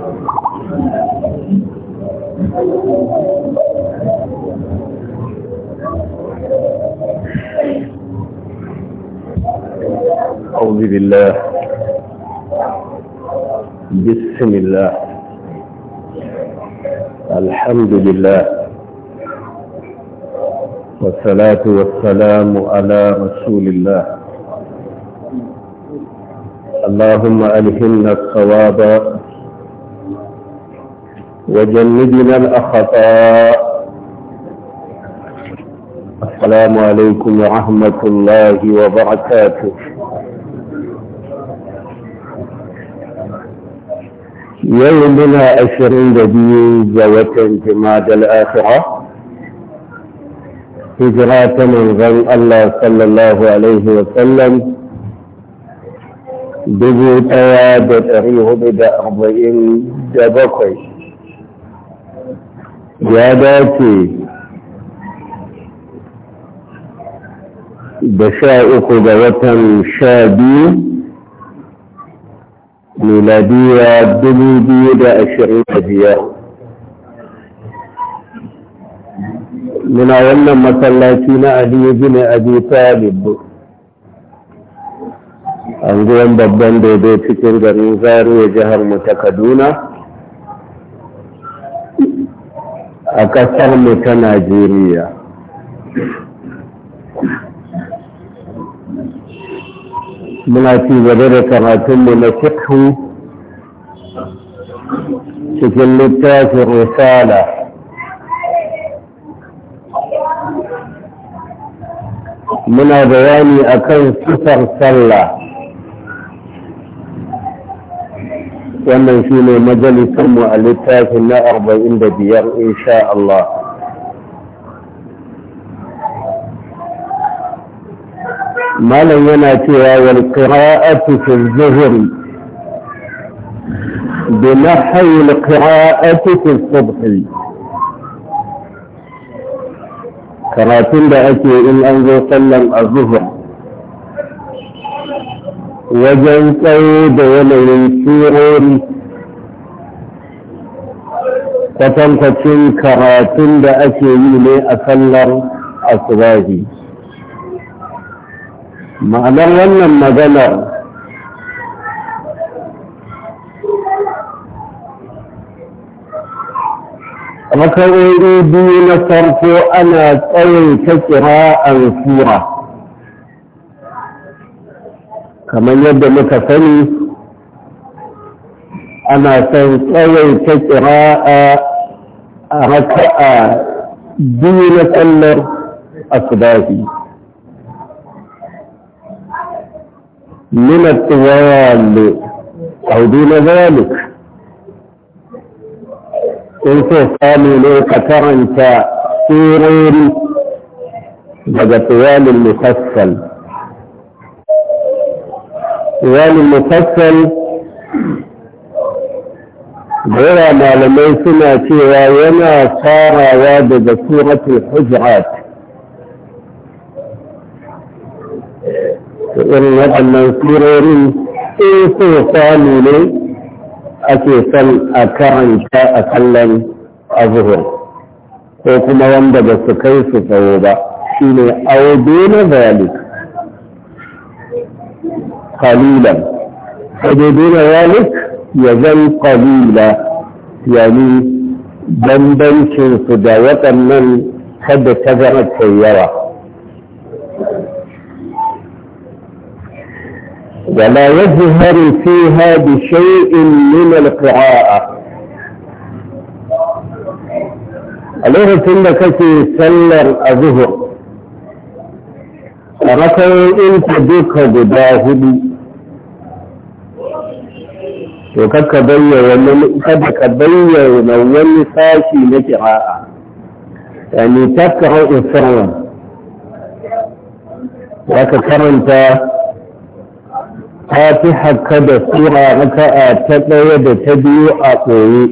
أعوذ بالله بسم الله الحمد لله والصلاة والسلام على رسول الله اللهم ألهمنا الصواب وجنبنا الأخطاء السلام عليكم ورحمة الله وبركاته يومنا عشرين زوة انتماد الآخرة هجرة من غن الله صلى الله عليه وسلم بجوتها تياد تريه بدا أربعين دبقي ya dace da sha uku ga watan sha biyu miladiya dubu biyu da ashirin da biyar muna wannan masallaci na aliyu bin abi talib anguwan babban daidai cikin garin zaria jihar mu ta kaduna a ƙasar mu ta Najeriya. Muna ci gaba da karatunmu na fiqhu cikin littafin risala. Muna bayani akan sifar sallah. wannan shi ne majalisunmu a littafin na arba'in da biyar insha Allah malam yana cewa wal qira'atu fi zuhr bi nahyi al qira'atu fi subh karatun da ake in an zo sallan azhur وجن قيد ولي الشعور فتنفتن كراتن دا أشيء لي أكلر أصغاهي معنى أدر لنا ما دلر ركوي صرف أنا قوي كسراء الفورة kamar yadda muka sani ana san tsawai ta kira a haka a biyu na tsallar sallar asubahi من الطوال أو na zalik in so samu ne ka karanta surori daga tsawai mufassal wal mufassal da malamai suna cewa yana farawa daga suratul hujurat irin waɗannan surorin in so samu ne ake son a karanta a kallon azuhur ko kuma wanda ba su kai su tsawo ba shine audu na zalik قليلا حدودنا ذلك يزن قليلا يعني bambancin su da من حد ta zama ولا يظهر فيها بشيء من القراءة أليه سنة في سلر أظهر ركو إن تدوك بداهدي to kakka bayyana wani kada ka bayyana wani sashi na kira'a yani takra'u sirran ka karanta fatiha kada sura raka'a ta ɗaya da ta biyu a koyi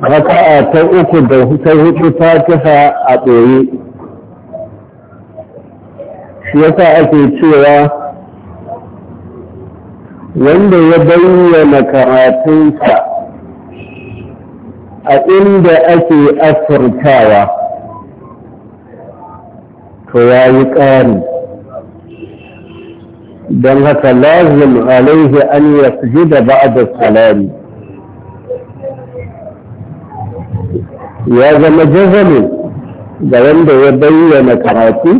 raka'a ta uku da ta hudu fatiha a koyi shi yasa ake cewa wanda ya bayyana karatunsa a inda ake asirtawa to ya yi ƙari don haka lazim alaihi an yasji da ba'da salami ya zama jazamin ga wanda ya bayyana karatu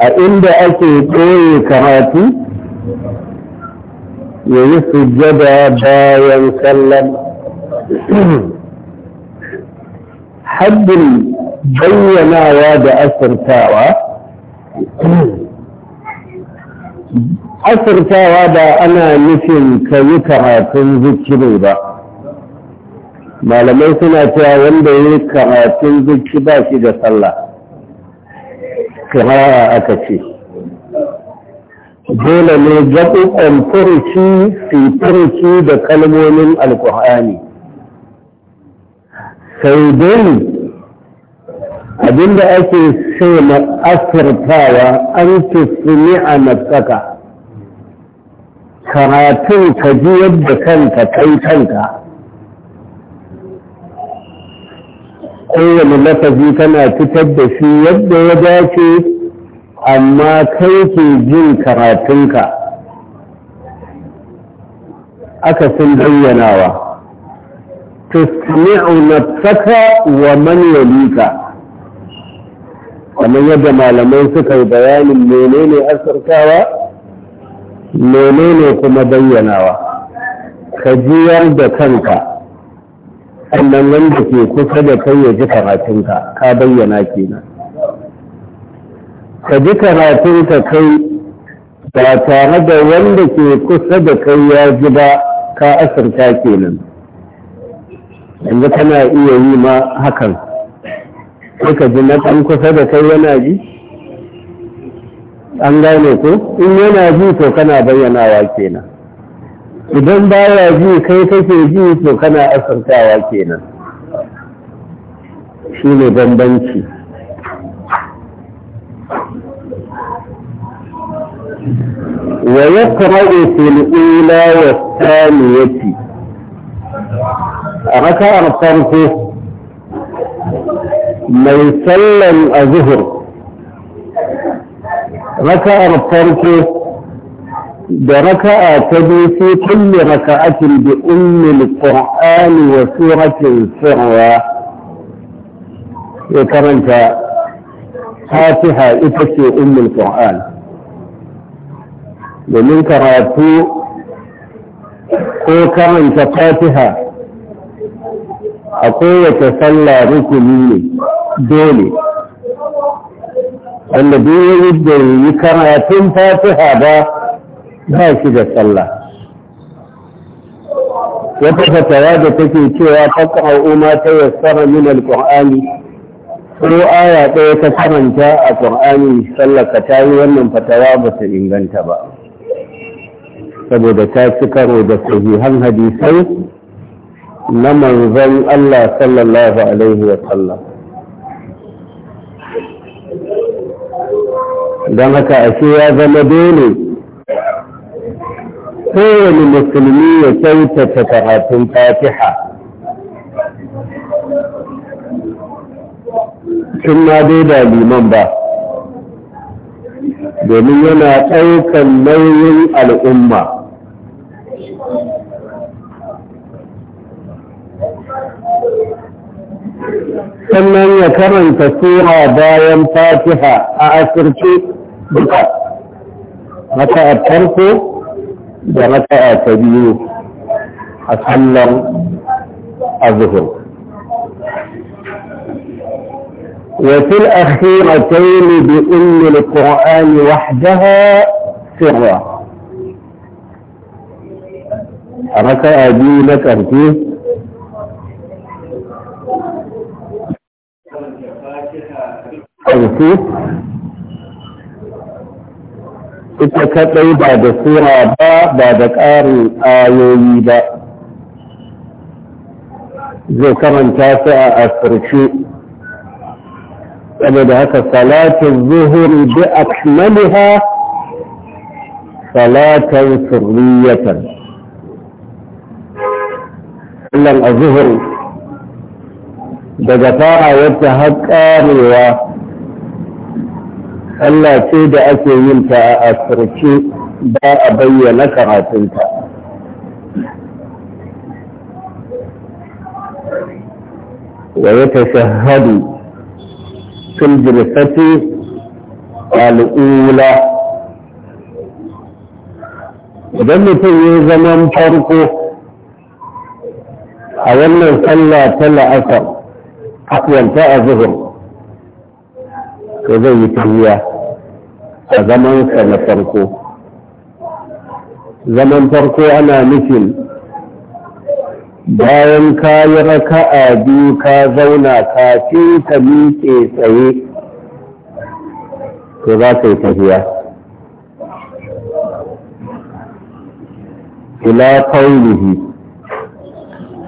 a inda ake ɓoye karatu ya yi sujjada bayan sallan haddin bayyanawa da asirtawa asirtawa ba ana nufin ka yi karatun zikiri ba malamai suna cewa wanda ya yi karatun zikiri ba shi da sallah kira aka ce dole ne gaɓuɓɓen furuci su furuci da kalmomin alƙur'ani sai dai abinda ake sai na asirtawa an ni a matsaka karatun ka ji yadda kanka kai kanka kowane lafazi tana fitar da shi yadda ya dace amma kai ke jin karatunka aka sun bayyanawa tusmi'u nafsaka wa man yalika kamar yadda malamai suka yi bayanin menene asirtawa menene kuma bayyanawa ka jiyar da kanka sannan wanda ke kusa da kai ya ji karatunka ka bayyana kenan ka ji karatun ka kai ba tare da wanda ke kusa da kai ya ji ba ka asirta kenan yanzu kana iya yi ma hakan sai ka ji na ɗan kusa da kai yana ji an gane ko in yana ji to kana bayyanawa kenan idan baya ji kai kake ji to kana asirtawa kenan shi ne bambanci wa ya kamaru fil'ula wa saniyati a raka'ar farko mai sallan a zuhur raka'ar farko da raka'a ta biyu sai kulle raka'atin bi ummul qur'ani wa suratin sirra ya karanta fatiha ita ce ummul qur'ani domin karatu ko karanta fatiha a kowace sallah rukuni ne dole wanda duk da yi karatun fatiha ba ba shi da sallah wata fatawa da take cewa faƙa umma ta yi tsara min Alƙur'ani, ko aya ɗaya ta karanta a ƙur'ani sallaka ta yi wannan fatawa ba ta inganta ba saboda ta ci karo da sahihan hadisai na manzon Allah sallallahu alaihi wa sallam don haka ashe ya zama dole kowane musulmi ya kyautata karatun fatiha tun ma dai da liman ba domin yana ɗaukan nauyin al'umma sannan ya karanta sura bayan fatiha a asirce duka raka'a farko da raka'a ta biyu a sallar azuhur وفي الأخيرتين بأم القرآن وحدها سرا ركع دي لك أرتيه tsansu ita kaɗai ba da sura ba ba da ƙarin ayoyi ba zai karanta su a asirce saboda haka salatin zuhuri bi akmaliha salatan sirriyatan sallan a zuhuri daga fara wata har ƙarewa Allah ce da ake yin ta a asirce ba a bayyana karatunta. Wa ya tashahadu fil jirfati al'ula. Idan mutum ya zaman farko a wannan sallah ta la'asar, akwanta a zuhur, ko zai yi tafiya. a zamansa na farko zaman farko ana nufin bayan ka yi raka'a biyu ka zauna kafin ka miƙe tsaye to za ka yi tafiya ila kaulihi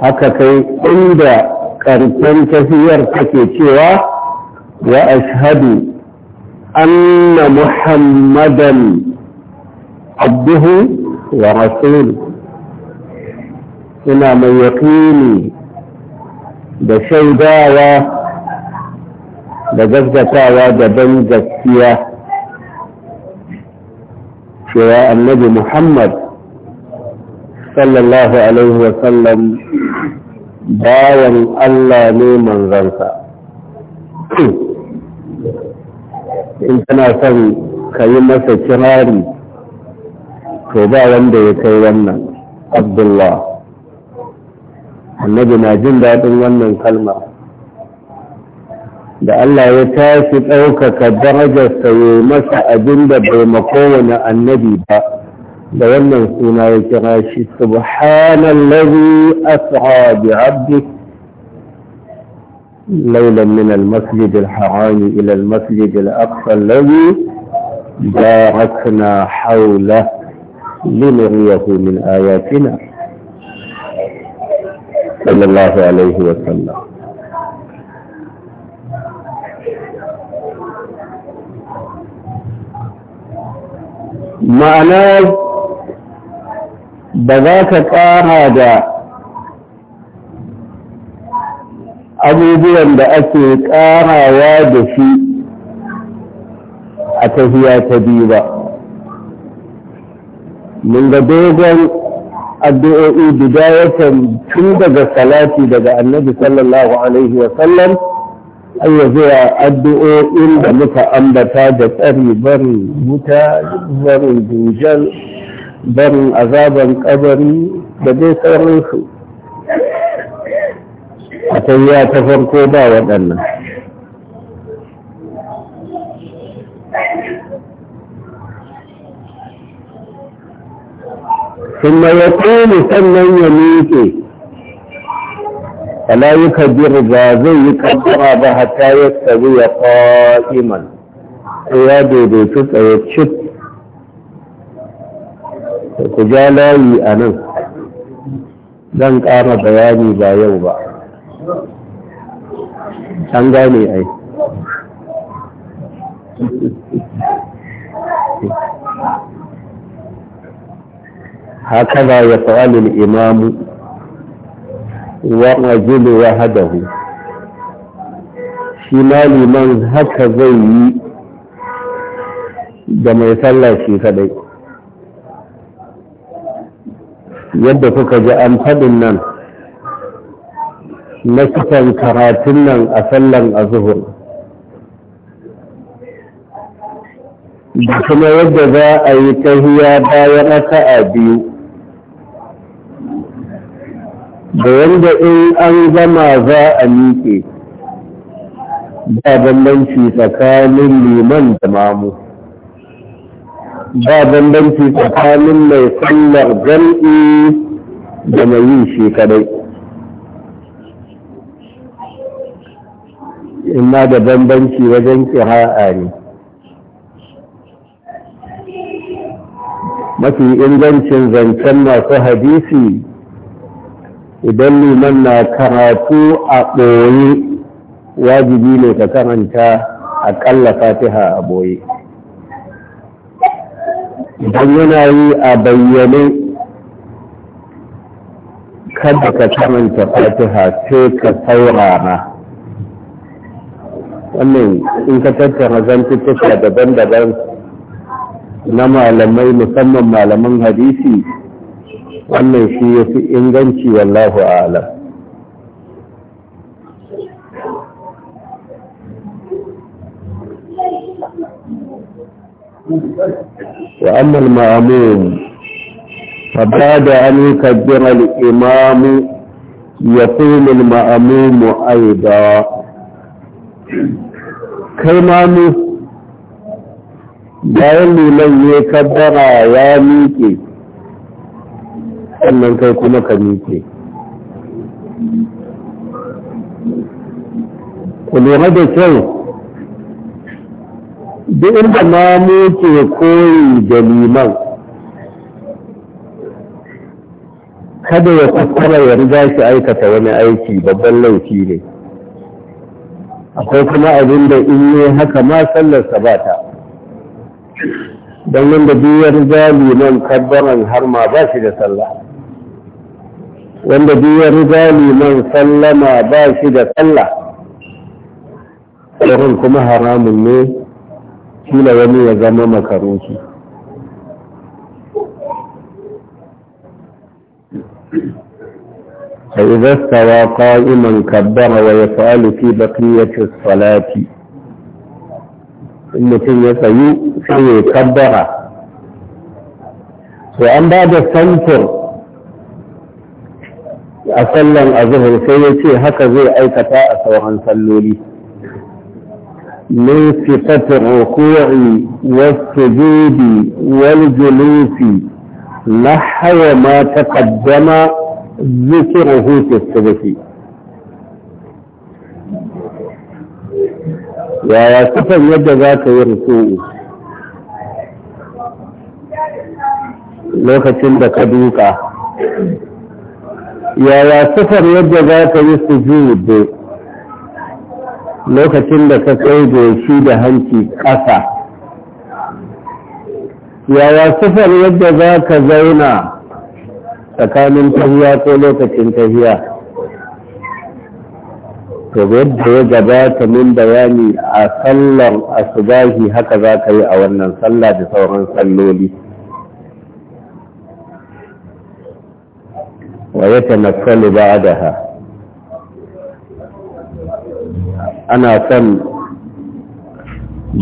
haka kai inda ƙarfin tafiyar take cewa wa ashhadu أن محمدا عبده ورسوله إنا من يقين بشيء داوى بجزة داوى جبن جسية شواء النبي محمد صلى الله عليه وسلم داوى الله نيما غنفا in kana son ka yi masa kirari to ba wanda ya kai wannan abdullah annabi na jin daɗin wannan kalmar da Allah ya tashi ɗaukaka darajarsa ya masa abin da bai makowane annabi ba da wannan suna ya kira shi subhanallazi asra bi abdik ليلا من المسجد الحرام إلى المسجد الأقصى الذي باركنا حوله لنريه من آياتنا صلى الله عليه وسلم معناه ba za abubuwan da ake ƙarawa da shi a tafiya ta biyu ba mun ga dogon addu'o'i bidayatan tun daga salati daga annabi sallallahu alaihi wa sallam zuwa addu'o'in da muka ambata da tsari barin wuta barin dujal barin azaban kabari da dai sauransu akayya ta farko ba ثم يقول سنن يميكي فلا يكبر جازي يكبر بها حتى يستوي قائما قيادي بيتك يتشت فكجالا يأنا لن قام بياني با يوبا an gane ai haka na ya fa’alin imamu wa ajiyar wa hadahu shi maliman haka zai yi da mai sallah shi kadai yadda kuka ji an fadin nan na kusan karatun nan a sallan azuhur da kuma yadda za a yi tahiya bayan a biyu da yadda in an gama za a miƙe ba bambanci tsakanin liman da mamu ba bambanci tsakanin mai sallar gan'i da mai yi shi Inna da bambanci wajen ƙira'a ne mafi ingancin zancen masu hadisi idan liman na karatu a ɓoye wajibi ne ka karanta aƙalla fatiha a ɓoye idan yana yi a bayyane kada ka karanta fatiha sai ka saurara wannan in ka tattara zantuttuka daban-daban na malamai musamman malaman hadisi wannan shi ya fi inganci wallahu alam وأما المأمون فبعد أن يكبر الإمام يقول المأموم أيضا kai ma bayan liman ya kaddara ya miƙe sannan kai kuma ka miƙe ku lura da kyau duk inda mamu ke koyi da liman kada ya kuskura ya riga shi aikata wani aiki babban laifi ne akwai kuma abin da in yi haka ma sallarsa ba ta don wanda biyar nan kabbaran har ma ba shi da sallah wanda biyar nan sallama ba shi da sallah tsoron kuma haramun ne kila wani ya zama makaroki فإذا استوى قائما كبر ويسأل في بقية الصلاة ثم تنسيو سوى كبر وأن بعد السنفر أسلم أظهر سيتي هكا زي أي كتاء سوى عن لي من صفة الركوع والسجود والجلوس نحو ما تقدم ذكره في yaya yadda za ka yi lokacin da ka duka yaya sufar yadda za ka yi sujudu lokacin da ka kai shi da hanci ƙasa yaya sufar yadda za ka zauna tsakanin tahiya ko lokacin tahiya to yadda ya gabata min bayani a sallar asubahi haka za ka yi a wannan sallah da sauran salloli wa ya tanakkalu ba'daha ana son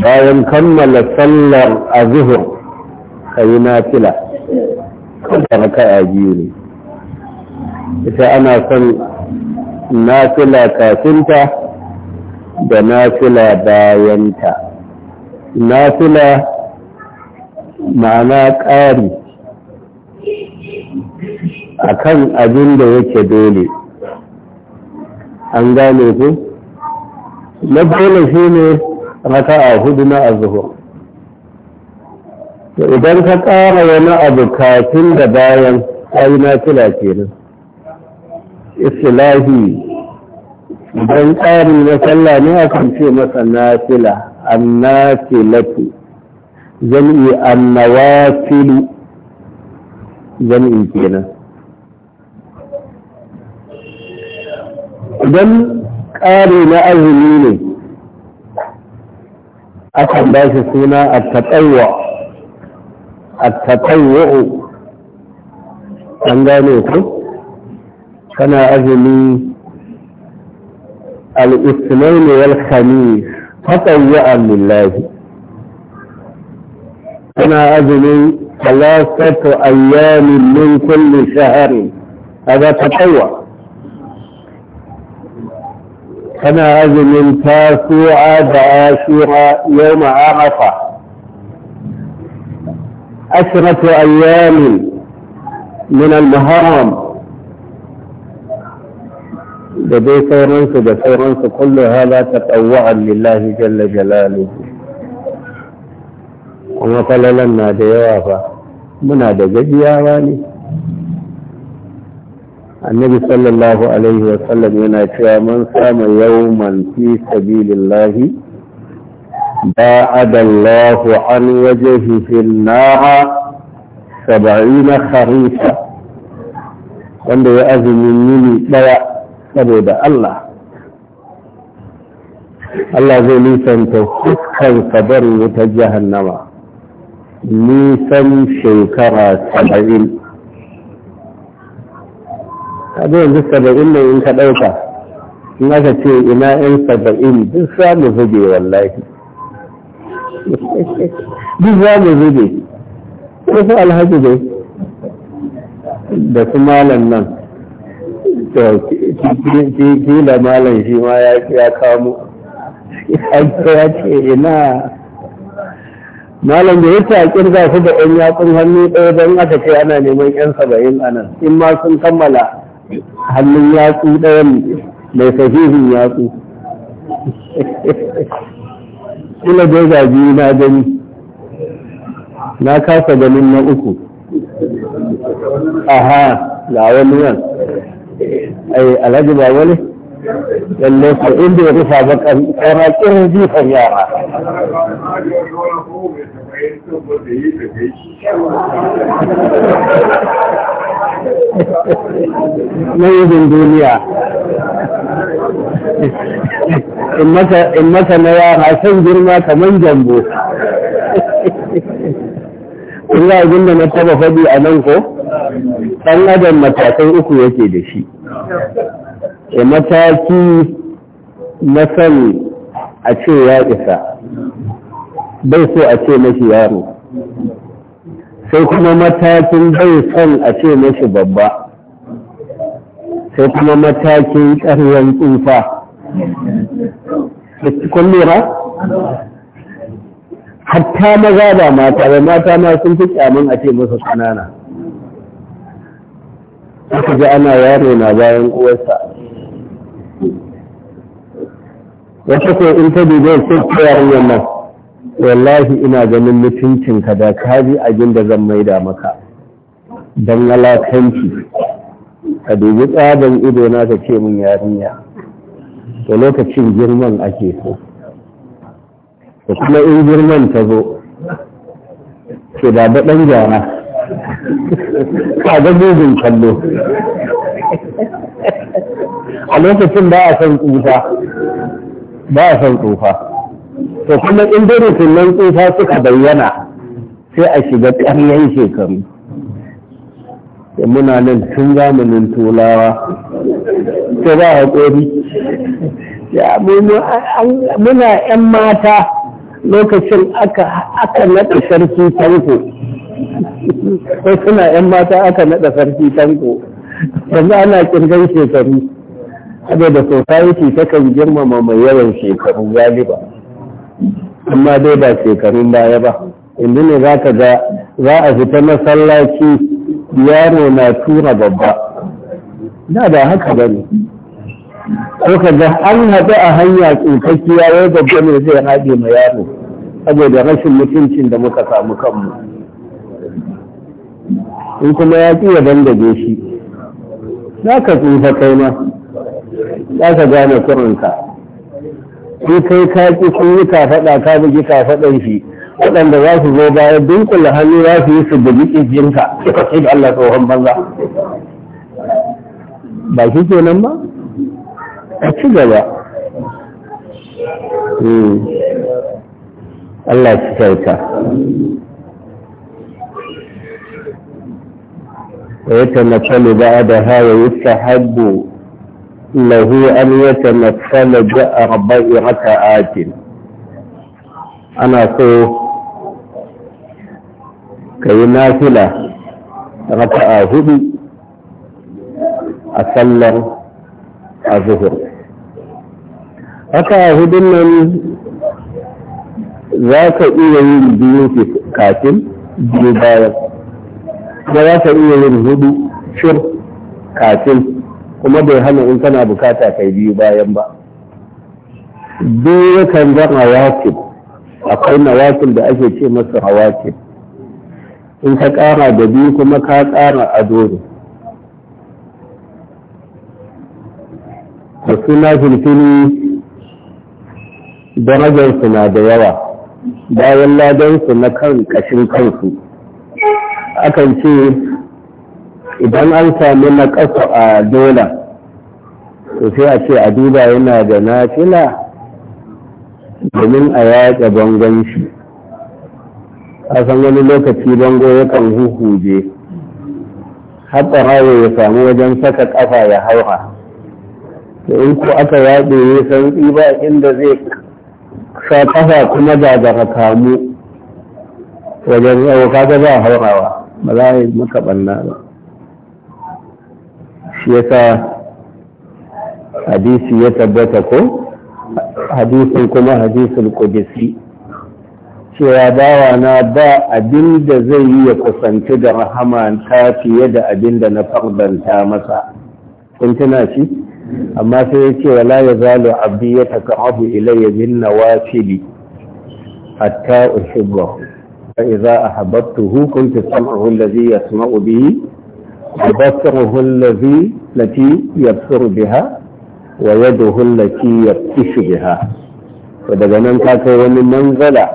bayan kammala sallar azhur kayi nafila raka'a biyu ne ita ana son nafila kafinta da nafila bayanta nafila ma'ana ƙari akan abin da yake dole an gane ku na dole shi ne raka'a hudu na azuhur idan ka ƙara wani abu kafin da bayan ayi na kila kenan istilahi idan ƙari na sallah ne kan ce masa na fila an na filatu jam'i an na zan jam'i kenan idan ƙari na azumi ne akan ba shi suna a taɓaiwa التطوع عند نوكم إيه؟ كان أجلي الاثنين والخميس تطوعا لله كان أجلي ثلاثة أيام من كل شهر هذا تطوع كان أجلي تاسوعا بآشرا يوم عرفه عشرة أيام من المحرم بدي سيرنس بسيرنس كل هذا تطوعا لله جل جلاله kuma falalan na da yawa fa muna da gajiyawa ne annabi sallallahu alaihi wasallam yana cewa man sama yawman fi sabilillahi باعد الله عن وجهه في النار سبعين خريفا wanda ya azumi yini ɗaya saboda Allah Allah zai nisanta fuskan sabar wuta jahannama nisan shekara saba'in kaɗa yanzu saba'in ne in ka ɗauka in aka ce ina 'yan saba'in duk samu zube wallahi duk za mu zube wasu alhaji dai da kuma malam nan to kila malam shi ma ya kamo ya ce ina malam da ya a za su da ‘yan yatsun hannu ɗaya don aka ce ana neman ‘yan saba'in a nan in ma sun kammala hannun yatsu ɗayan mai sahihin yatsu kila dai ga biyu na gani na kasa ganin na uku aha ga wani yan ai alhaji ba wani lalle ko inda ya rufa ba kana kirin jifan yara na duniya in maka na yara son girma kamar jambo in ga da na taba faɗi a nan ko ɗan adam matakan uku yake da shi e mataki na sani a ce ya isa bai so a ce mashi yaro sai kuma matakin zai son a ce mashi babba sai kuma matakin ƙaryan tsufa kun lura hatta maza ba mata ba mata ma sun fi kyamun a ce masa ƙanana. aka ji ana yaro na bayan uwarsa wata ko in ta dubai sai ta yarinyar nan wallahi ina ganin mutuncinka da kaji abin da zan maida maka don alakanci ka dubi tsaban ido na ka ce min yarinya da lokacin girman ake so da kuma in girman ta zo ke da ɗan jana ka ga mugun kallo a lokacin ba a son tsufa ba a san tsufa to kuma in dai rukunan tsufa suka bayyana sai a shiga ƙaryan shekaru da muna nan tun zamanin tulawa ta ba haƙori muna 'yan mata lokacin aka naɗa sarki tanko ko suna 'yan mata aka naɗa sarki tanko yanzu ana kirgan shekaru shi society kan girmama mai yawan shekaru galiba amma dai ba shekarun baya ba inda ne za ka ga za a fita masallaci yaro na tura babba da ba haka ba ne ka ga an haɗu a hanya tsokakkiya wai babba ne zai haɗe ma yaro saboda rashin mutuncin da muka samu kanmu in kuma ya ƙi ya bandage shi za ka tsufa kai ma za ka gane kurinka ko kai ka ki kun yi kafaɗa ka bugi kafaɗan shi waɗanda za su zo baya dunkul hannu za su yi su bugi ƙirjinka suka ce da Allah tsohon banza ba shi kenan ba a ci gaba hmm. Allah ci kyauta ويتمثل بعدها ويستحب له أن يتمثل جاء بأربع ركعات أنا سو كي نافلة ركعة هدي أسلم الظهر ركعة هدي من ذاك إلى البيوت كاتل بيبايا ذاك إلى الهدي شر كاتل kuma bai hana in kana bukata kai biyu bayan ba duk yakan zan hawakin akwai nawakin da ake ce masa hawakin in ka ƙara da biyu kuma ka ƙara a dole a suna darajarsu na da yawa bayan ladansu na kan ƙashin kansu akan ce idan an sami na ƙasa a dola to sai a ce a duba yana da nafila domin a yaƙe bangon shi a san wani lokaci bango yakan huhuje haɓa rawo ya samu wajen saka ƙafa ya hauha da in ko aka yaɗe ya san ba inda zai sa ƙafa kuma daga kamu wajen yau kaga za a haurawa ba za a yi maka ɓanna ba shi yasa hadisi ya tabbata ko hadisin kuma hadisul qudsi cewa bawa na ba abin da zai yi ya kusanci da rahama ta fiye da abin da na fardanta masa kun tuna shi amma sai ya ce wala ya zalo abdi ya taka'abu ilayya bin nawafili hatta uhibbahu fa idza ahabbtuhu kuntu sam'ahu alladhi yasma'u bihi وبصره الذي التي يبصر بها ويده التي يبتش بها daga nan ka kai wani manzala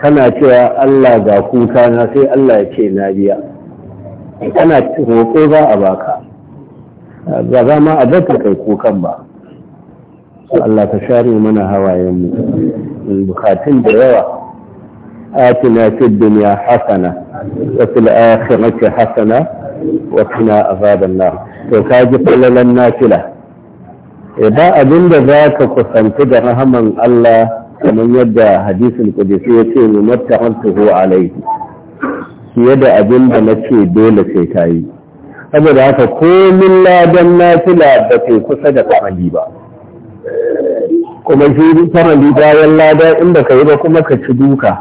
kana cewa Allah ga kuka na sai Allah ya ce na biya roƙo za a baka ba za ma a zata kukan ba Allah ka share mana hawayenmu bukatun da yawa آتنا في الدنيا حسنة وفي الآخرة حسنة wa azabanna. to ka ji falalan nafila eh, ba abin da za ka kusanci da rahaman Allah kamar yadda hadisin kudisi ya ce mu mattahantuhu alaihi fiye da abin da nace dole sai ta yi saboda haka komin ladan nafila da ke kusa da kamali ba kuma shi kamali bayan lada inda ka yi ba kuma ka ci duka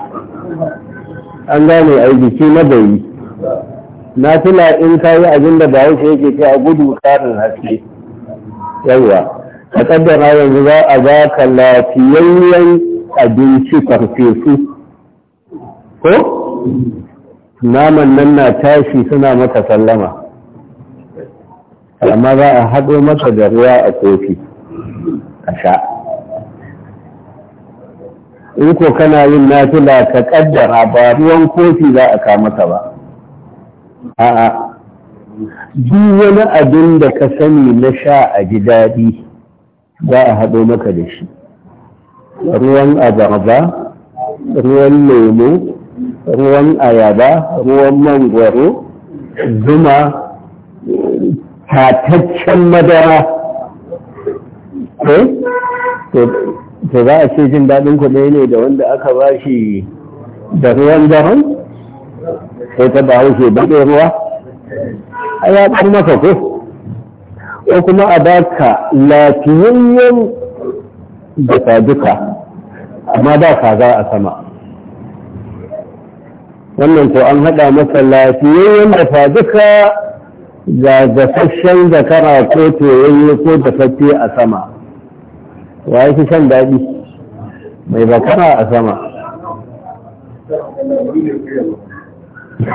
an gane aiki na bai na tuna in ka yi abin da bayan shi yake ce a gudu karin haske yawa a na yanzu za a ba ka lafiyayyen abinci farfesu ko naman nan na tashi suna maka sallama amma za a haɗo maka da ruwa a kofi a sha in ko kana yin na nafila ka ƙaddara ba ruwan kofi za a kama maka ba a'a duk wani abin da ka sani na sha a ji daɗi za a haɗo maka da shi ruwan abarba ruwan lemo ruwan ayaba ruwan mangwaro zuma tataccen madara eh? to za a ce jin daɗin kuɗi ne da wanda aka ba shi da ruwan daren sai ta ba da baƙin ruwa a ya ɗan masa ko ko kuma a baka lafiyayyen da duka, amma ba kaza a sama wannan ko an haɗa masa lafiyayyen da duka ga gasashen zakara ko toyayye ko dafaffe a sama wa ya fi shan daɗi mai bakara a sama to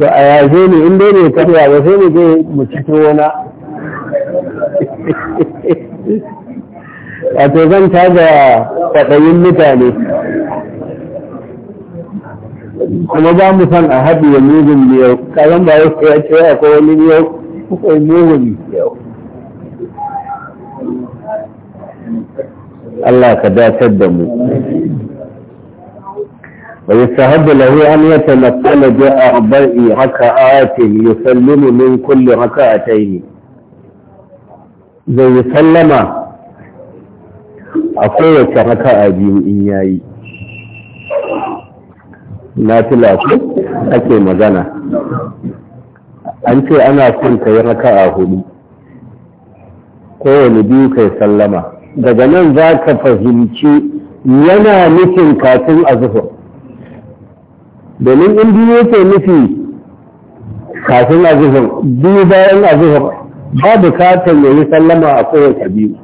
a yaje ne in dai ne karya ba sai ne zai mu ci wani wato zan da kwaɗayin mutane kuma ba mu san a haɗu da mugun biyar kayan ba ya ce ya ce ya ko wani biyar kukwai yi biyar Allah ka datar da mu ويستهد له أن يتنقل بأربع ركعات يسلم من كل ركعتين zai yi sallama a kowace raka a biyu in yayi na tilaku ake magana an ce ana son ka yi raka a hudu kowane biyu kai sallama daga nan za ka fahimci yana nufin kafin a zuhur domin in biyu yake nufi kafin azufar biyu bayan azufar ba bukatar yayi sallama a kowace biyu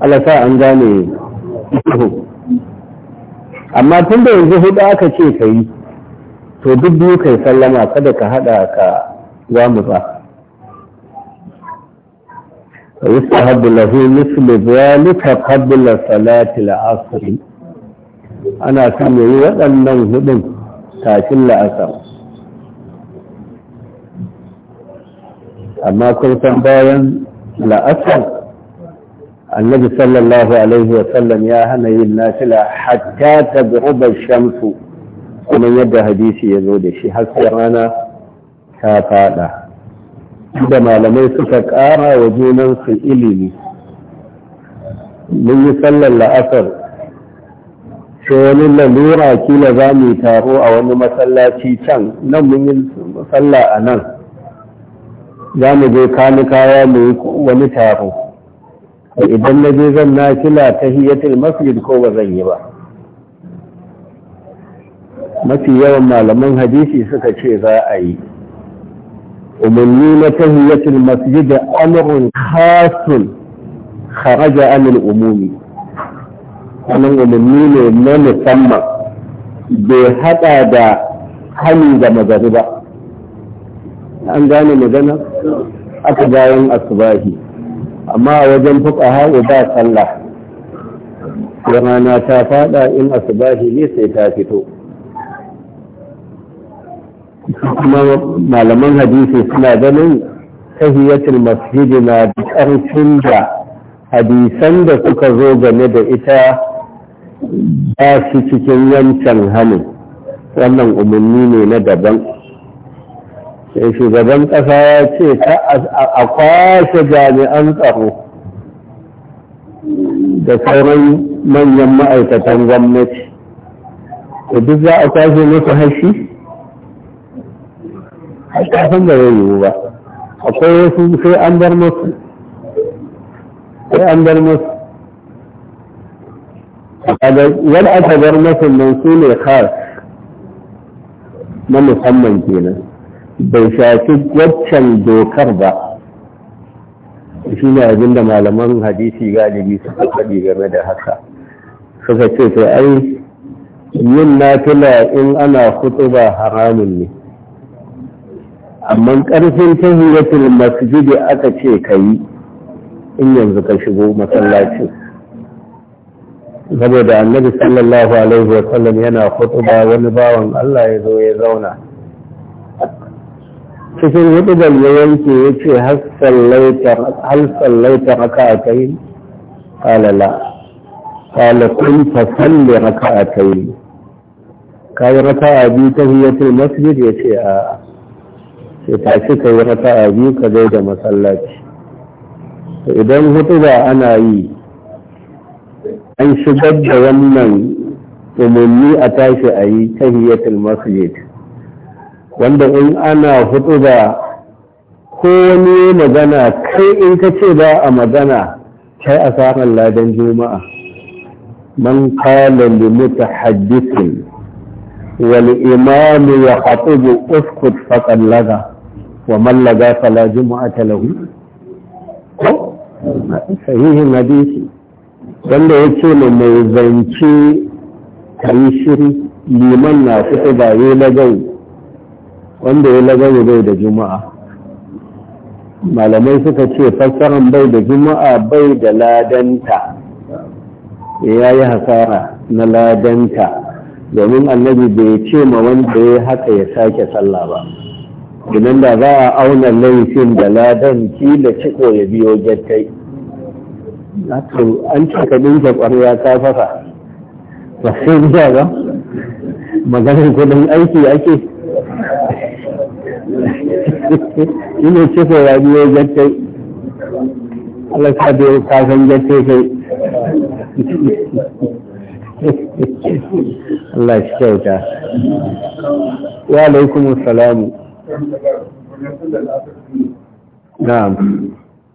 Allah sa an gane amma tun da yanzu hudu aka ce ka yi to duk biyu kai sallama kada ka hada ka ba ويستحب له مثل ذلك قبل صلاة العصر ana son ya yi waɗannan hudun kafin la'asar amma kun san bayan la'asar annabi sallallahu alaihi wasallam ya hana yin nafila hatta ta rubar shamsu kuma yadda hadisi ya zo da shi haske rana ta fada da malamai suka kara wa junansu ilimi mun yi sallar la'asar to wani lalura kila za mu taro a wani masallaci can nan mun yi sallah a nan za mu je kani kaya mu yi wani taro idan na je zan na kila ta hiyatul masjid ko ba zan yi ba mafi yawan malaman hadisi suka ce za a yi umarni na tahiyatul masjid amurin khasun kharaja amin umumi wannan ilimi ne na musamman bai haɗa da hani da magari ba an gane magana aka bayan asubahi amma a wajen fuqaha ba sallah rana ta faɗa in asubahi ne sai ta fito kuma malaman hadisi suna ganin tahiyatul masjid na ƙarfin da hadisan da suka zo game da ita ba shi cikin wancan hannu. wannan umarni ne na daban sai shugaban ƙasa ya ce ta a kwashe jami'an tsaro da sauran manyan ma'aikatan gwamnati da duk za a kwashe musu hashi a ƙasan da zai yiwu ba akwai wasu sai an bar masu sai an bar masu wani aka bar masa nan khas na musamman kenan bai shafi waccan dokar ba shi ne abin da malaman hadisi galibi suka faɗi game da haka suka ce to ai yin na nafila in ana ba haramun ne amma ƙarfin tahiyatul masjidi aka ce ka yi in yanzu ka shigo masallacin saboda annabi sallallahu alaihi wa sallam yana hutuba wani bawan Allah ya zo ya zauna cikin hutubar ya yanke ya ce hal sallaita raka a kai yi? la kala ta fa salli raka a kai kayi raka a biyu ta hiyatul masjid ya ce a ce ta ka yi raka a biyu ka zai da masallaci idan hutuba ana yi an shigar da wannan umarni a tashi a yi tahiyatul masjid wanda in ana hudu da ko wani magana kai in ka ce ba a magana kai a samun ladan juma'a man kala li mutahaddisin wal imam ya khatibu uskut faqad laga wa man laga fala jumu'ata lahu wanda ya ce mu mai zance ka yi shiri liman na kusa ba yi lagau wanda ya lagau bai da juma'a malamai suka ce fassaran bai da juma'a bai da ladanta eh, ya yi hasara na ladanta domin annabi bai ce ma wanda ya haka ya sake sallah ba idan da za a auna laifin da ladan da ciko ya biyo gyattai to an ce ka ɗinke ƙwarya ta fasa ba sai biya ba maganar kudin aiki ake shi ne ce sai rabiyo jatte Allah ka biyo kasan jatte kai Allah shi kyauta wa alaikum salamu na'am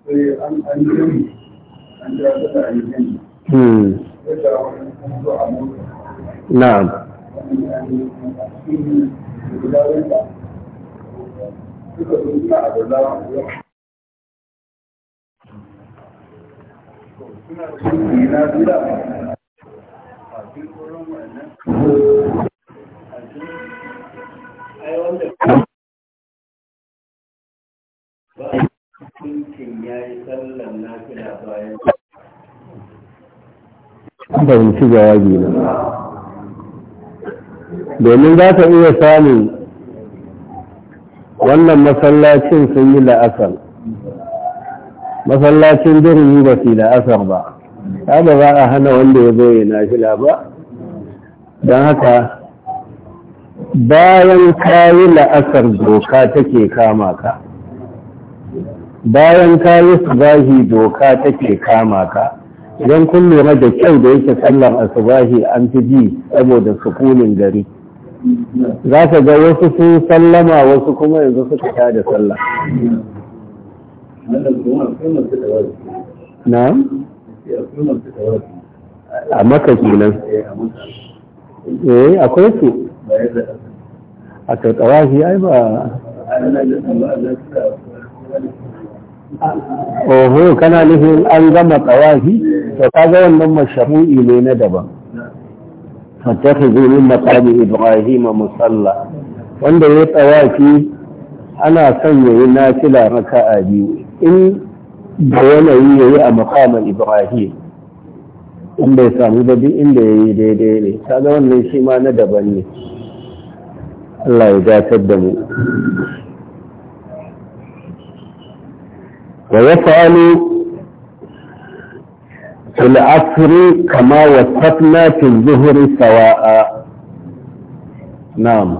eh, Hmm. na'am Ba a ya yi sallan na bayan fahimci jawabi na domin za ta iya samun wannan masallacin sun yi la'asar masallacin birni ba su la'asar ba ta ba za a hana wanda ya zo yana fila ba don haka bayan kayi la'asar doka take kama ka bayan kayi subahi doka take kama ka idan kun lura da kyau da yake sallar asubahi an fi ji saboda sukunin gari za ka ga wasu sun sallama wasu kuma yanzu suka ta da sallah na? a maka kenan eh akwai su a tattawahi ai ba oho kana nufin an gama tsawafi to kaga wannan mashahu'i ne na daban ka zo min maqami ibrahim musalla wanda ya tsawafi ana son ya yayi nafila a biyu in da yanayi yi a maqamin ibrahim in bai samu ba inda inda yi daidai ne kaga wannan shi ma na daban ne Allah ya gatar da mu ويفعل في العصر كما وصفنا في الظهر سواء نعم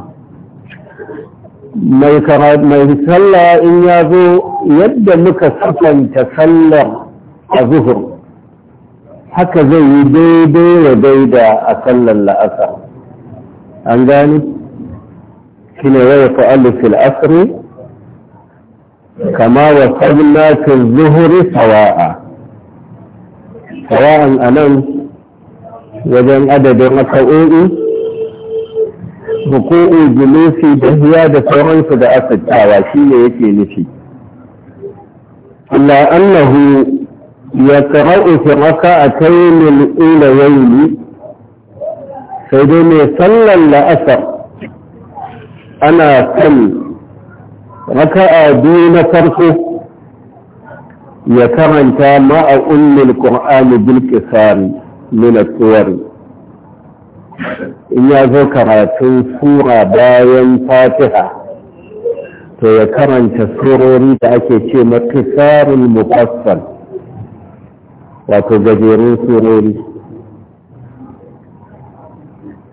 ما يصلى ان يازو يبدا لك سكن تصلى الظهر حكى زي يديد وديد اصلى العصر عن ذلك حين يفعل في العصر kama wa tsabnatin zuhuri sawa'a sawa'an a nan wajen adadin aka'o'i hukuku julusi da hiya da sauransu da asattawa shi ne yake nufi illa annahu ya qara'u fi raka'atayn al-ulayayn sai dai mai sallar la'asar ana kan raka'a biyu na farko ya karanta ma'a ummul qur'ani bil min in ya zo karatun sura bayan fatiha to ya karanta surori da ake ce matisarul mufassal wato gajerun surori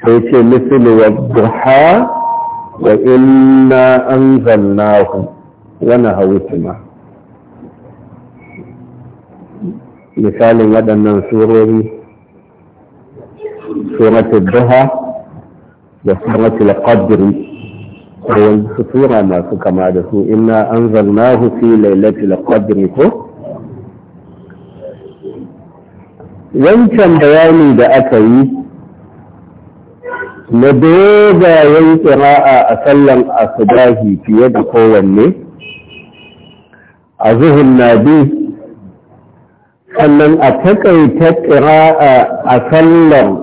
sai ce misali wa duha wa inna anzalnahu wa nahawu sama misalin waɗannan surori suratul duha da suratul qadri wasu sura masu kama da su inna an zannahu fi lailatul qadri ko wancan bayani da aka yi na dogayen ƙira'a a sallan asubahi fiye da kowanne a zuhun na sannan a takaita ƙira'a a sallan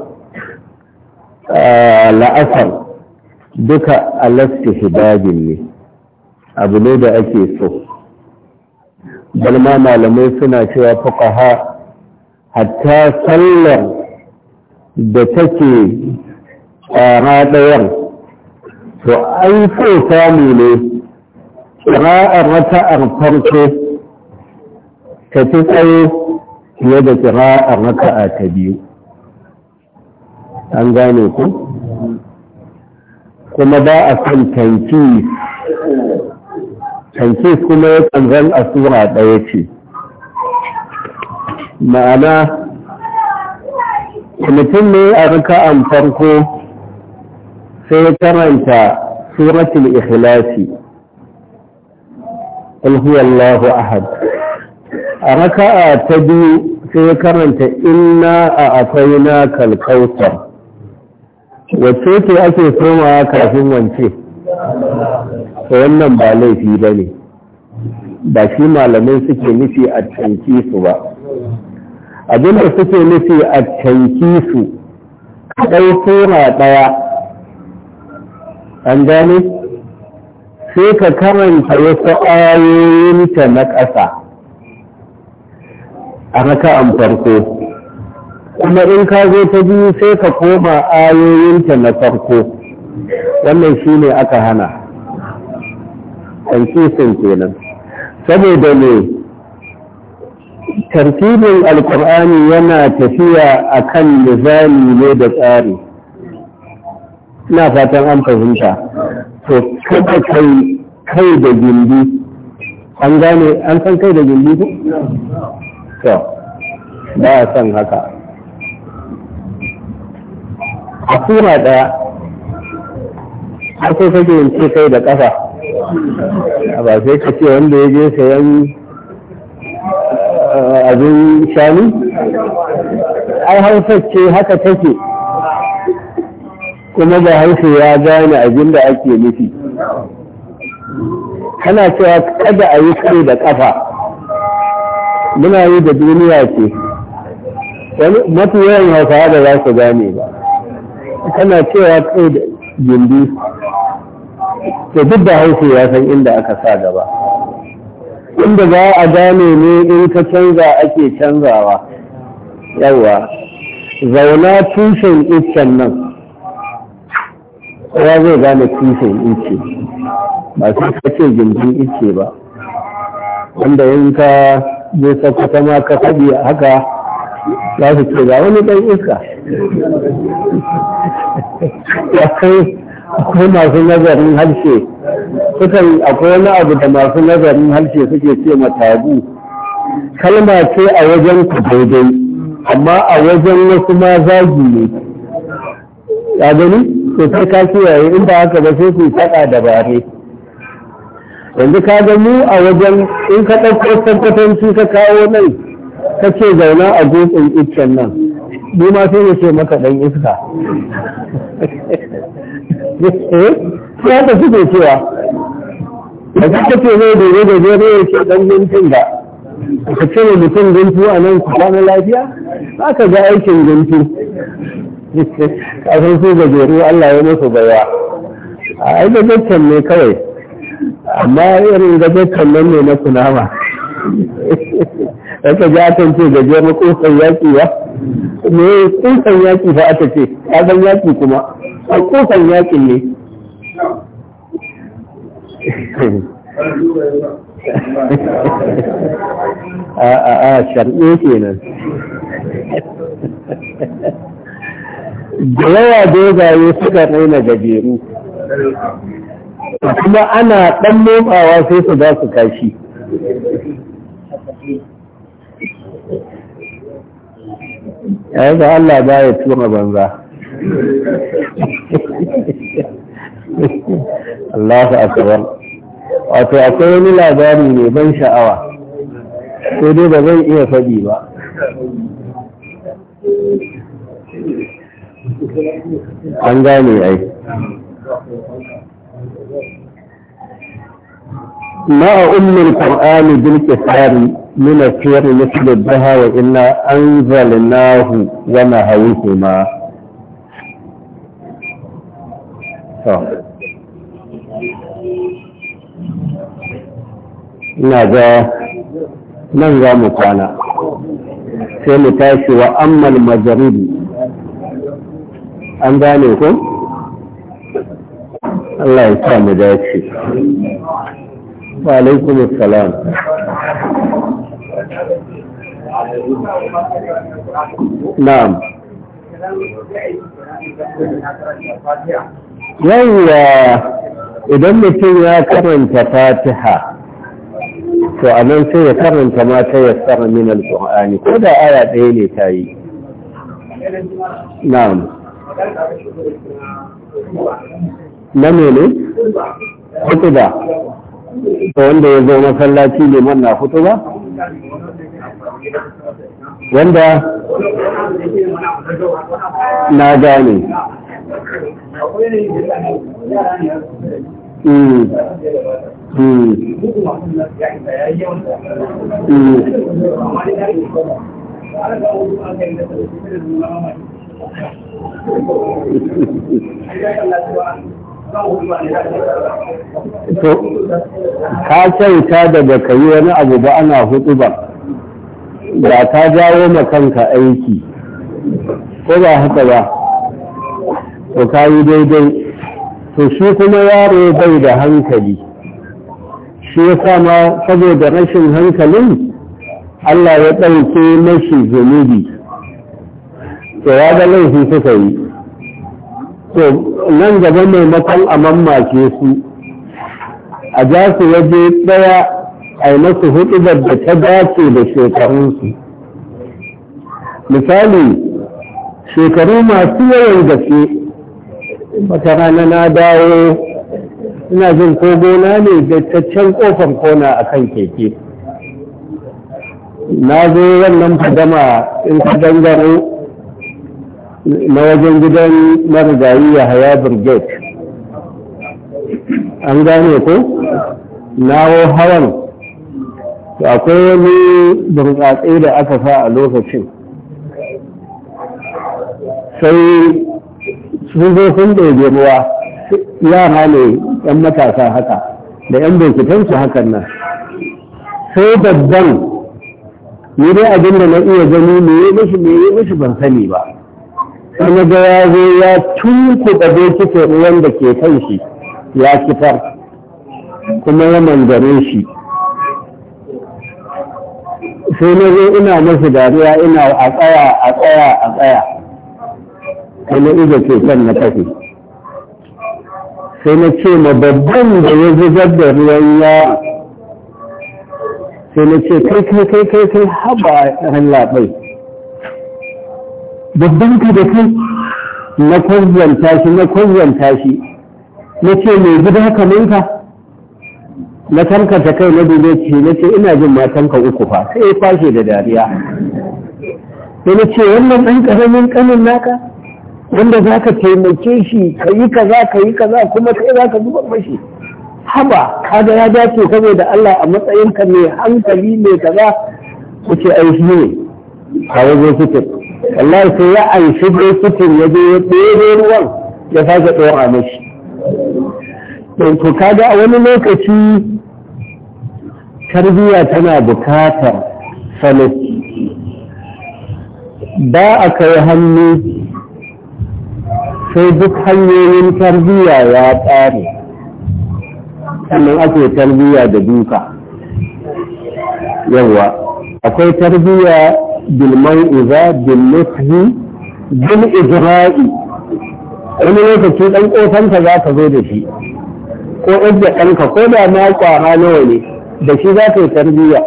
la'asar duka alasta hibabin ne abu ne da ake so balma malamai suna cewa fukaha hatta sallar da take ƙwara ɗayan to an so samu ne ƙira'ar raka'ar farko ta fi tsaye fiye da ƙira'ar raka'a ta biyu an gane ku kuma ba a kan tanki tanki kuma ya kanzan a tsura ɗaya ce ma'ana mutum ne a raka'an farko sai ya karanta suratul ikhlasi qul huwallahu ahad a raka'a ta biyu sai ya karanta inna a afaina kalkautar wacce ce ake komawa kafin wance wannan ba laifi ba ne ba shi malamai suke nufi a canki su ba abinda suke nufi a canki su kaɗai tura ɗaya an gane sai ka karanta wasu ayoyinta na ƙasa a raka'an farko kuma in ka zo ta biyu sai ka koma ayoyinta na farko wannan shi ne aka hana sun kenan saboda ne tartibin alkur'ani yana tafiya akan nizami ne da tsari ina fatan an fahimta to kada kai kai da gindi an gane an san kai da gindi ko to ba a san haka a sura daya har sai kake yin ce kai da kafa ba sai ka ce wanda ya je sayan eh, abin shanu ai hausa ce haka take kuma ba haushe ya gane abin da ake nufi kana cewa kada a yi kai da ƙafa muna yi da duniya ce wani mafi yawan hausawa da za su gane ba kana cewa kai da gindi to duk da haushe ya san inda aka sa gaba inda za a gane ne in ka canza ake canzawa Yawwa, zauna tushen iccen nan kowa zai gane kishin ice ba sai ka ce gindin ice ba wanda in ka je sakwata ma ka faɗi haka za su ce ga wani ɗan iska akwai masu nazarin harshe sukan akwai wani abu da masu nazarin harshe suke ce matabu kalma ce a wajen ku daidai amma a wajen wasu ma zagi ne ya gani to sai ka kiyaye in ba haka ba sai ku faɗa da bare yanzu ka ga mu a wajen in ka ɗauko tabbatanci ka kawo nan, ka ce zauna a gotsin iccen nan ni ma sai ya ce maka ɗan iska eh, sai haka suke cewa da ka ce zai dogo da zai ya ce ɗan gintin da ka ce mutum guntu a nan ku kwana lafiya za ka ga aikin guntu kafin su gajeru Allah ya musu baya a ai gajen ne kawai amma irin gajen nan ne na kunama aka ji akan ce gajiyar na kusan yaƙi ba me kusan yaƙi ba aka ce ƙazan yaƙi kuma a kusan yaƙin ne a a a sharɗe kenan da yawa dogaye suka raina gajeru kuma ana ɗan nomawa sai su za su kashi yayin da Allah ba ya tura banza Allahu akbar wato akwai wani labari mai ban sha'awa sai dai ba zan iya faɗi ba an gane ai ma a ummin kur'ani bil kitabi min asir yusbu biha wa inna anzalnahu wa ma hawihuma to nan za mu kwana sai mu tashi wa ammal majaribi an gane ku Allah ya sa mu dace wa alaikum salam. na'am yawwa idan mutum ya karanta fatiha to a nan sai ya karanta ma ta yassara min al-qur'ani ko da aya ɗaya ne ta yi na'am na mene? hutu ba wanda ya zo masallaci liman na ba, wanda na gane Mm. Mm. Mm. to ka kyauta daga ka yi wani abu ba ana hudu ba ba ta jawo ma kanka aiki ko ba haka ba to ka yi daidai to shi kuma yaro bai da hankali shi ya ma saboda rashin hankalin Allah ya ɗauke mashi zunubi to ya ga laifi suka yi to nan gaba mai maimakon a mammace su a ja su waje tsaya a yi masu huɗu da ta dace da shekarunsu misali shekaru masu yawan gaske wata rana na dawo ina jin ko gona ne da taccen kofar kona a kan keke na zo wannan fadama in ka dangaro na wajen gidan marigayi ya haya birgit an gane ko nawo hawan akwai wani burtsatse da aka sa a lokacin sai sun zo sun ɗaiɗe ruwa yara ne ‘yan matasa haka da ‘yan bincikensu hakan nan sai babban ne dai abinda na iya gani me ya yi ban sani ba kuma da ya zo ya tunkuɗa bokitin ruwan da ke kan shi ya kifar kuma ya mangare shi sai na zo ina masu dariya ina a tsaya a tsaya a tsaya kuma ido ke kan na tafi sai na ce ma babban da ya zubar da ruwan ya sai na ce kai kai kai kai kai haba ran labai babban ka da kai na kwazzanta shi na kwazzanta shi na ce mai gida kamar ka na tankata kai na dole ce na ce ina jin ka uku fa sai ya kwashe da dariya sai na ce wannan ɗan ƙaramin ƙanin naka wanda za ka taimake shi ka yi kaza ka yi kaza kuma kai za ka zuba mashi haba kaga ya dace saboda Allah a matsayin ka mai hankali mai kaza ku ce ai shi ne a wajen fitin wallahi sai ya anshi bokitin ya je ya ruwan ya sake ɗora mashi don to kaga a wani lokaci tarbiyya tana bukatar salo ba a kai hannu sai duk hanyoyin tarbiyya ya tsare sannan ake tarbiyya da duka yawa akwai tarbiyya بالموئذة بالنصح بالإجراء wani lokaci ɗan ƙofanka za ka zo da shi ko ɗan ɗanka ko da ma ƙwara nawa ne da shi za ka yi tarbiyya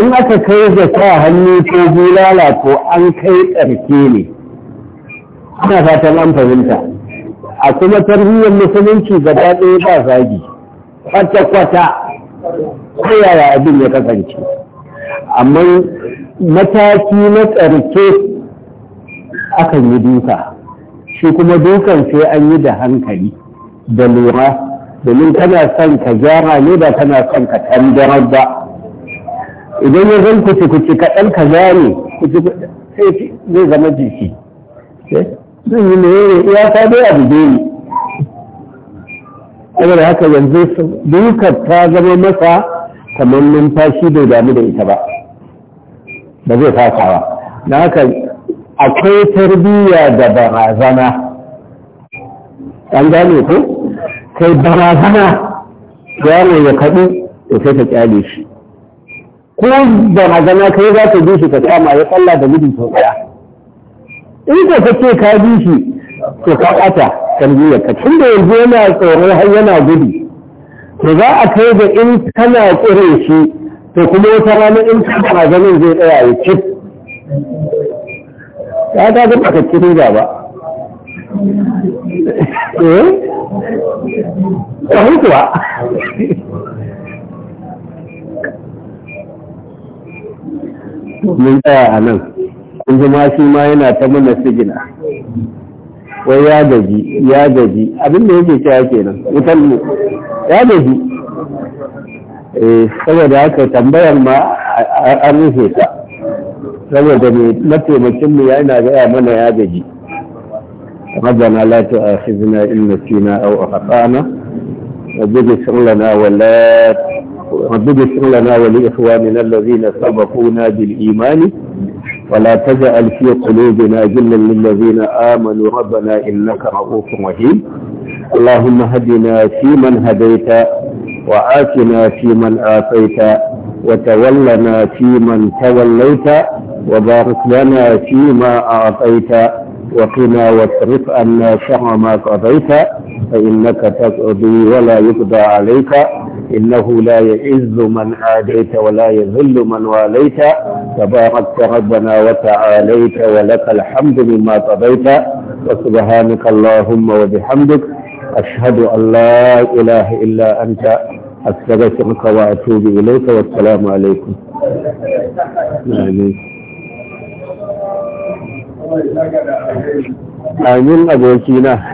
in aka kai da sa hannu ko bulala ko an kai ƙarke ne ana fatan an fahimta a kuma tarbiyyar musulunci gaba ɗaya ba zagi kwata-kwata ko yaya abin ya kasance amma mataki na tsarke akan yi duka shi kuma dukan sai an yi da hankali da lura domin kana son ka gyara ne ba kana son ka tandarar ba idan ya zan kuci kuci kaɗan ka gane kuci sai zai zama jiki eh? zan yi mere iyaka dai abu ne da haka yanzu dukkan ta zama masa kamar numfashi bai damu da ita ba ba zai fasawa na haka akwai tarbiyya da barazana an gane ko kai barazana yaro ya kaɗu da sai ka kyale shi ko barazana kai za ka bi shi ka kama ya tsalla da gudun sau ɗaya in ka kace ka bi shi to ka ɓata tarbiyyar ka tun da yanzu yana tsoron har yana gudu to za a kai ga in kana tsire shi to kuma wata rana in ka fara ganin zai tsaya ya cif ya ta ga baka kiri ga ba eh eh kuwa mun tsaya a nan kun zama shi ma yana ta mana sigina wai ya gaji ya gaji abin da yake cewa kenan wutan ya gaji Eh, saboda haka tambayar ma an rufe ta saboda ne ya ina gaya mana ya gaji ربنا لا تؤاخذنا إن نسينا أو أخطأنا رب اغفر لنا ولا لنا ولإخواننا الذين سبقونا بالإيمان ولا تجعل في قلوبنا جلا للذين آمنوا ربنا إنك رؤوف رحيم اللهم هدنا فيمن هديت وآتنا فيمن آتيت وتولنا فيمن توليت وبارك لنا فيما أعطيت وقنا واصرف عنا شر ما قضيت فإنك تقضي ولا يقضى عليك إنه لا يعز من عاديت ولا يذل من واليت تباركت ربنا وتعاليت ولك الحمد مما قضيت وسبحانك اللهم وبحمدك أشهد أن لا إله إلا أنت أستغفرك وأتوب إليك والسلام عليكم آمين آمين أبوكينا